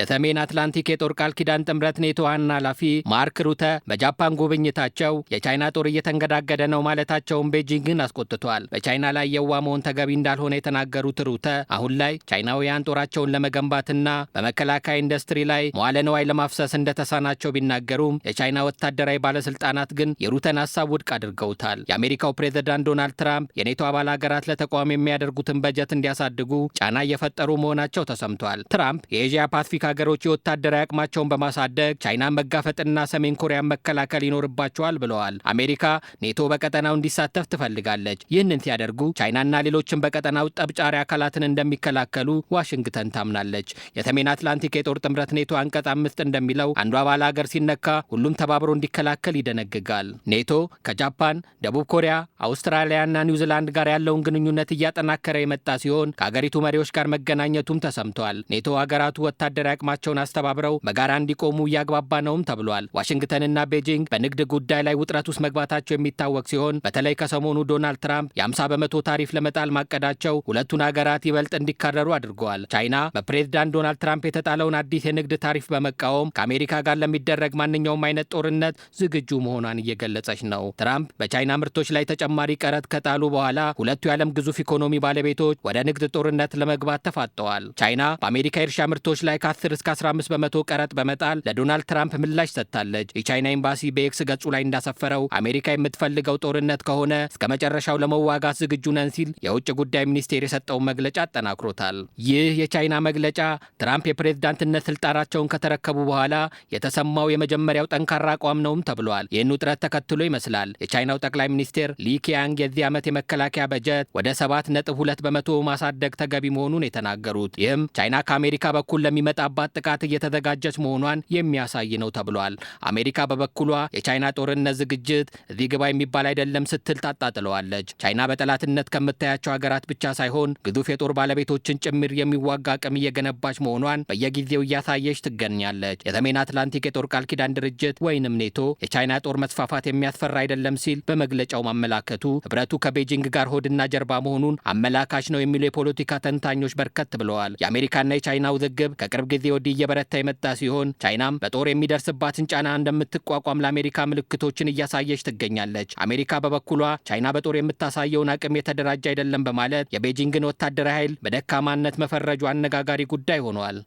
የሰሜን አትላንቲክ የጦር ቃል ኪዳን ጥምረት ኔቶ ዋና ኃላፊ ማርክ ሩተ በጃፓን ጉብኝታቸው የቻይና ጦር እየተንገዳገደ ነው ማለታቸውን ቤጂንግን አስቆጥቷል። በቻይና ላይ የዋ መሆን ተገቢ እንዳልሆነ የተናገሩት ሩተ አሁን ላይ ቻይናውያን ጦራቸውን ለመገንባትና በመከላከያ ኢንዱስትሪ ላይ መዋለ ንዋይ ለማፍሰስ እንደተሳናቸው ቢናገሩም የቻይና ወታደራዊ ባለስልጣናት ግን የሩተን ሀሳብ ውድቅ አድርገውታል። የአሜሪካው ፕሬዝዳንት ዶናልድ ትራምፕ የኔቶ አባል ሀገራት ለተቋም የሚያደርጉትን በጀት እንዲያሳድጉ ጫና እየፈጠሩ መሆናቸው ተሰምቷል። ትራምፕ የኤዥያ ፓሲፊክ ሀገሮች የወታደራዊ አቅማቸውን በማሳደግ ቻይናን መጋፈጥና ሰሜን ኮሪያን መከላከል ይኖርባቸዋል ብለዋል። አሜሪካ ኔቶ በቀጠናው እንዲሳተፍ ትፈልጋለች። ይህንን ሲያደርጉ ቻይናና ሌሎችን በቀጠናው ጠብጫሪ አካላትን እንደሚከላከሉ ዋሽንግተን ታምናለች። የሰሜን አትላንቲክ የጦር ጥምረት ኔቶ አንቀጽ አምስት እንደሚለው አንዱ አባል ሀገር ሲነካ ሁሉም ተባብሮ እንዲከላከል ይደነግጋል። ኔቶ ከጃፓን፣ ደቡብ ኮሪያ፣ አውስትራሊያና ኒውዚላንድ ጋር ያለውን ግንኙነት እያጠናከረ የመጣ ሲሆን ከሀገሪቱ መሪዎች ጋር መገናኘቱም ተሰምቷል። ኔቶ ሀገራቱ ወታደራዊ አቅማቸውን አስተባብረው በጋራ እንዲቆሙ እያግባባ ነውም ተብሏል። ዋሽንግተንና ቤጂንግ በንግድ ጉዳይ ላይ ውጥረት ውስጥ መግባታቸው የሚታወቅ ሲሆን በተለይ ከሰሞኑ ዶናልድ ትራምፕ የ50 በመቶ ታሪፍ ለመጣል ማቀዳቸው ሁለቱን ሀገራት ይበልጥ እንዲካረሩ አድርገዋል። ቻይና በፕሬዝዳንት ዶናልድ ትራምፕ የተጣለውን አዲስ የንግድ ታሪፍ በመቃወም ከአሜሪካ ጋር ለሚደረግ ማንኛውም አይነት ጦርነት ዝግጁ መሆኗን እየገለጸች ነው። ትራምፕ በቻይና ምርቶች ላይ ተጨማሪ ቀረጥ ከጣሉ በኋላ ሁለቱ የዓለም ግዙፍ ኢኮኖሚ ባለቤቶች ወደ ንግድ ጦርነት ለመግባት ተፋጠዋል። ቻይና በአሜሪካ የእርሻ ምርቶች ላይ ከ10 10 እስከ 15 በመቶ ቀረጥ በመጣል ለዶናልድ ትራምፕ ምላሽ ሰጥታለች። የቻይና ኤምባሲ በኤክስ ገጹ ላይ እንዳሰፈረው አሜሪካ የምትፈልገው ጦርነት ከሆነ እስከ መጨረሻው ለመዋጋት ዝግጁ ነን ሲል የውጭ ጉዳይ ሚኒስቴር የሰጠውን መግለጫ አጠናክሮታል። ይህ የቻይና መግለጫ ትራምፕ የፕሬዝዳንትነት ስልጣናቸውን ከተረከቡ በኋላ የተሰማው የመጀመሪያው ጠንካራ አቋም ነውም ተብሏል። ይህን ውጥረት ተከትሎ ይመስላል የቻይናው ጠቅላይ ሚኒስቴር ሊኪያንግ የዚህ ዓመት የመከላከያ በጀት ወደ 2 በመቶ ማሳደግ ተገቢ መሆኑን የተናገሩት። ይህም ቻይና ከአሜሪካ በኩል ለሚመጣ ለሚመጣባት ጥቃት እየተዘጋጀች መሆኗን የሚያሳይ ነው ተብሏል። አሜሪካ በበኩሏ የቻይና ጦርነት ዝግጅት እዚህ ግባ የሚባል አይደለም ስትል ታጣጥለዋለች። ቻይና በጠላትነት ከምታያቸው ሀገራት ብቻ ሳይሆን ግዙፍ የጦር ባለቤቶችን ጭምር የሚዋጋ አቅም እየገነባች መሆኗን በየጊዜው እያሳየች ትገኛለች። የሰሜን አትላንቲክ የጦር ቃል ኪዳን ድርጅት ወይንም ኔቶ የቻይና ጦር መስፋፋት የሚያስፈራ አይደለም ሲል በመግለጫው ማመላከቱ ህብረቱ ከቤጂንግ ጋር ሆድና ጀርባ መሆኑን አመላካች ነው የሚሉ የፖለቲካ ተንታኞች በርከት ብለዋል። የአሜሪካና የቻይና ውዝግብ ከቅርብ ጊዜ ጊዜ ወዲህ እየበረታ የመጣ ሲሆን ቻይናም በጦር የሚደርስባትን ጫና እንደምትቋቋም ለአሜሪካ ምልክቶችን እያሳየች ትገኛለች። አሜሪካ በበኩሏ ቻይና በጦር የምታሳየውን አቅም የተደራጀ አይደለም በማለት የቤጂንግን ወታደራዊ ኃይል በደካማነት መፈረጁ አነጋጋሪ ጉዳይ ሆኗል።